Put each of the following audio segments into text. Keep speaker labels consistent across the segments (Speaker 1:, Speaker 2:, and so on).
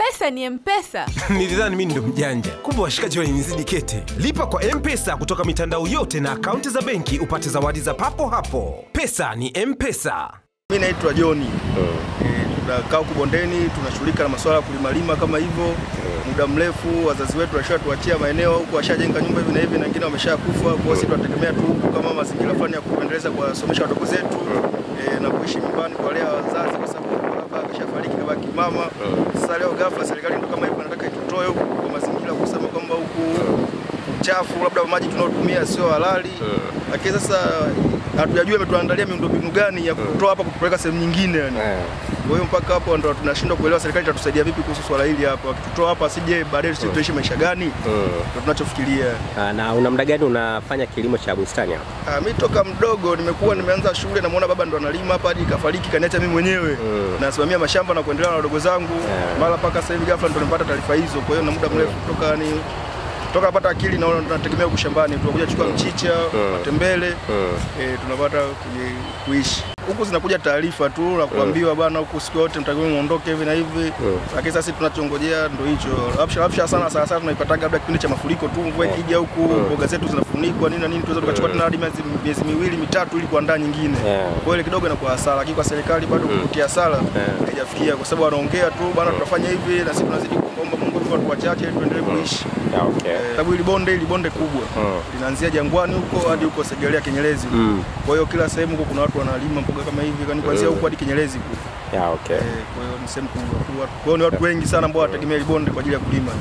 Speaker 1: pesa ni mpesa.
Speaker 2: Nilidhani mimi ndo mjanja, kumbe washikaji walinizidi kete. Lipa kwa mpesa kutoka mitandao yote na akaunti za benki upate zawadi za papo hapo. Pesa ni mpesa.
Speaker 3: mi naitwa Joni. Oh. Eh, tunakaa huku bondeni, tunashughulika na masuala ya kulimalima kama hivyo oh. muda mrefu. Wazazi wetu washatuachia maeneo huku, washajenga nyumba hivi na hivi, na wengine wameshakufa. kwao si oh. tunategemea tu huku kama mazingira fulani ya kuendeleza, kuwasomesha wadogo zetu e, na kuishi nyumbani, lea wazazi, kwa sababu baba akishafariki kimama. Sasa leo ghafla serikali ndo kama hivyo nataka itutoe huku kwa mazingira kusema kwamba huku chafu, labda maji tunayotumia sio halali, yeah. lakini sasa hatujajua imetuandalia miundombinu gani ya eh. kutoa hapa kutupeleka sehemu nyingine yani. Yeah. Kwa hiyo mpaka hapo ndo tunashindwa kuelewa serikali itatusaidia vipi kuhusu swala hili hapa. Wakitutoa hapa asije baadaye sisi eh. tuishi maisha gani? Eh. Ndio tunachofikiria.
Speaker 4: Ah, na una muda gani unafanya kilimo cha bustani hapa?
Speaker 3: Ah, mimi toka mdogo nimekuwa nimeanza shule, namuona baba ndo analima hapa hadi kafariki, kaniacha mimi mwenyewe. yeah. Nasimamia mashamba na kuendelea na wadogo zangu. yeah. Mara mpaka sasa hivi ghafla ndo nimepata taarifa hizo. Kwa hiyo na muda mrefu yeah. toka ni toka pata akili na tunategemea kushambani, tunakuja chukua mchicha, matembele hmm. hmm. eh, tunapata kuishi huku. Zinakuja taarifa tu na kuambiwa hmm. bana, huku siku yote mtakiwa muondoke hivi na hivi, lakini sasa tunachongojea ndo hicho absha absha sana. Sasa sasa tunaipataga labda kipindi cha mafuriko tu, mvua ikija huku mboga zetu zinafunikwa nini na nini, tuweza tukachukua tena hadi miezi miwili mitatu ili kuandaa nyingine. Kwa hiyo ile kidogo inakuwa hasara, lakini kwa serikali bado kutia hasara haijafikia, kwa sababu wanaongea tu bana, tunafanya hivi na sisi tunazidi chache ili tuendelee kuishi mm. yeah, okay. Eh, sababu ile bonde ile bonde kubwa mm. linaanzia Jangwani huko hadi huko Segerea Kinyerezi. Mm. Kwa hiyo kila sehemu huko kuna watu wanalima mboga kama hivi, kani kuanzia mm. huko hadi Kinyerezi huko. Yeah, okay. E, kwa hiyo ni sehemu kubwa. Kwa hiyo ni watu wengi sana ambao mm. wanategemea ile bonde kwa ajili ya kulima.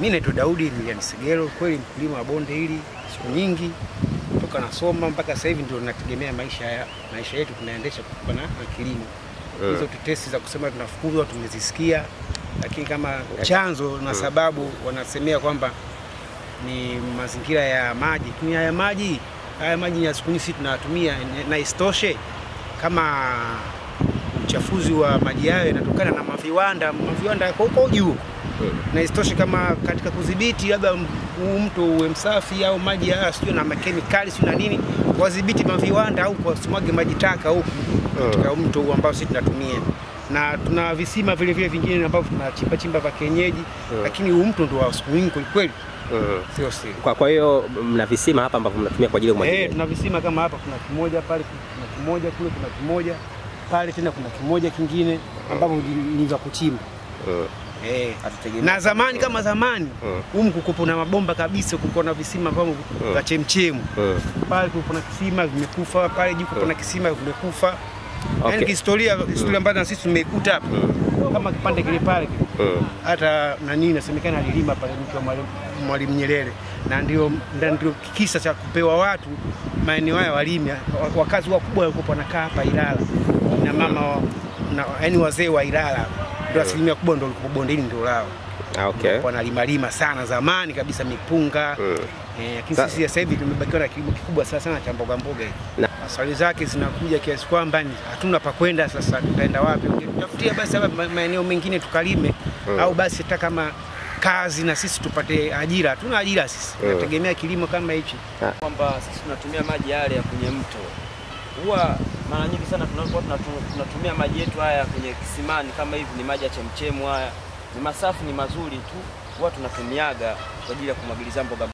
Speaker 5: Mimi naitwa Daudi Milian Segero, kweli mkulima wa bonde hili siku nyingi toka nasoma mpaka sasa hivi ndio ninategemea maisha ya maisha yetu tunaendesha kwa na kilimo. Hizo mm. tetesi za kusema tunafukuzwa tumezisikia lakini kama chanzo na mm. sababu wanasemea kwamba ni mazingira ya maji. Ni haya maji haya maji ya siku nyingi tunayatumia, na isitoshe kama uchafuzi wa maji hayo inatokana na maviwanda, maviwanda yako huko juu mm. na isitoshe kama katika kudhibiti labda huu mto uwe msafi au maji haya sio na makemikali sio na nini, wadhibiti maviwanda au wasimwage maji taka huku mm. katika mto ambao sisi tunatumia na tuna visima vile vile vingine ambavyo tunachimba chimba vya kienyeji mm. lakini huu mto ndio wa siku nyingi kwelikweli eh. mm. sio
Speaker 4: Kwa, kwa hiyo mm, mna visima hapa ambavyo mnatumia kwa ajili ya
Speaker 5: umwagiliaji? Eh, tuna visima kama hapa, kuna kimoja pale, kuna kimoja kule, kuna kimoja pale tena, kuna kimoja kingine ambavyo mm. ni vya kuchimba mm. Eh, eh. na zamani kama zamani humu mm. kukupo na mabomba kabisa, kuko na visima ambavyo vya mm. chemchemu mm. pale kuko na kisima vimekufa pale juu kuko na kisima vimekufa Yaani okay. Yani kihistoria mm. historia ambayo na sisi tumeikuta hapa mm. kama kipande kile pale mm. hata mm. nani inasemekana alilima pale mtu wa Mwalimu Nyerere na ndio ndio kisa cha kupewa watu maeneo haya walimi wakazi wakubwa walikuwa wanakaa hapa Ilala na mama na, yani wazee wa Ilala ndio mm. asilimia kubwa ndio walikuwa bondeni ndio lao ah, okay. lima sana zamani kabisa mipunga mm. eh, lakini sisi sasa hivi tumebakiwa na kilimo kikubwa sana sana cha mboga mboga swali zake zinakuja kiasi kwamba hatuna pa kwenda sasa, tutaenda wapi? Tutafutia basi hapa maeneo mengine tukalime, mm. au basi hata kama kazi na sisi tupate ajira. Hatuna ajira sisi, hmm. tunategemea kilimo kama hichi,
Speaker 6: kwamba sisi tunatumia maji yale ya kwenye mto huwa mara nyingi sana tunapokuwa tunatumia maji yetu haya kwenye kisimani kama hivi, ni maji ya chemchemu haya, ni masafi, ni mazuri tu, huwa tunatumiaga kwa ajili ya kumwagiliza mboga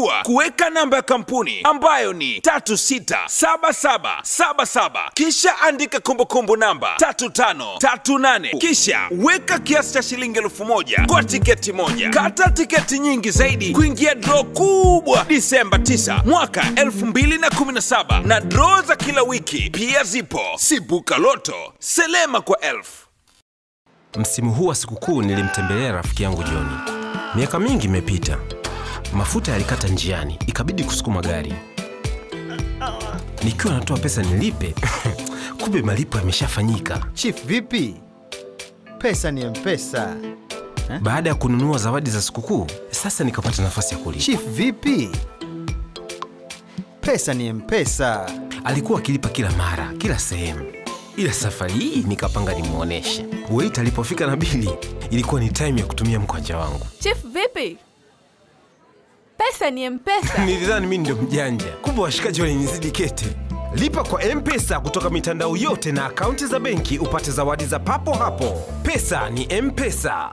Speaker 7: kuwa kuweka namba ya kampuni ambayo ni 367777 kisha andika kumbukumbu namba 3538 kisha weka kiasi cha shilingi elfu kwa tiketi moja. Kata tiketi nyingi zaidi kuingia draw kubwa Disemba 9 mwaka 2017 na draw za kila wiki pia zipo. Sibuka Loto, selema kwa elfu.
Speaker 2: Msimu huu wa sikukuu nilimtembelea rafiki yangu Joni. Miaka mingi imepita Mafuta yalikata njiani, ikabidi kusukuma gari. Nikiwa natoa pesa nilipe, kumbe malipo yameshafanyika.
Speaker 8: Chief vipi? Pesa ni mpesa.
Speaker 2: Ha? Baada ya kununua zawadi za sikukuu, sasa nikapata nafasi ya kulipa.
Speaker 8: Chief vipi? Pesa ni mpesa.
Speaker 2: Alikuwa akilipa kila mara, kila sehemu, ila safari hii nikapanga nimwoneshe. Wait alipofika na bili, ilikuwa ni time ya kutumia mkwanja wangu.
Speaker 1: Chief vipi? Pesa ni Mpesa.
Speaker 2: Nilidhani mimi ndio mjanja, kumbe washikaji walinizidi kete. Lipa kwa Mpesa kutoka mitandao yote na akaunti za benki upate zawadi za papo hapo. Pesa ni Mpesa.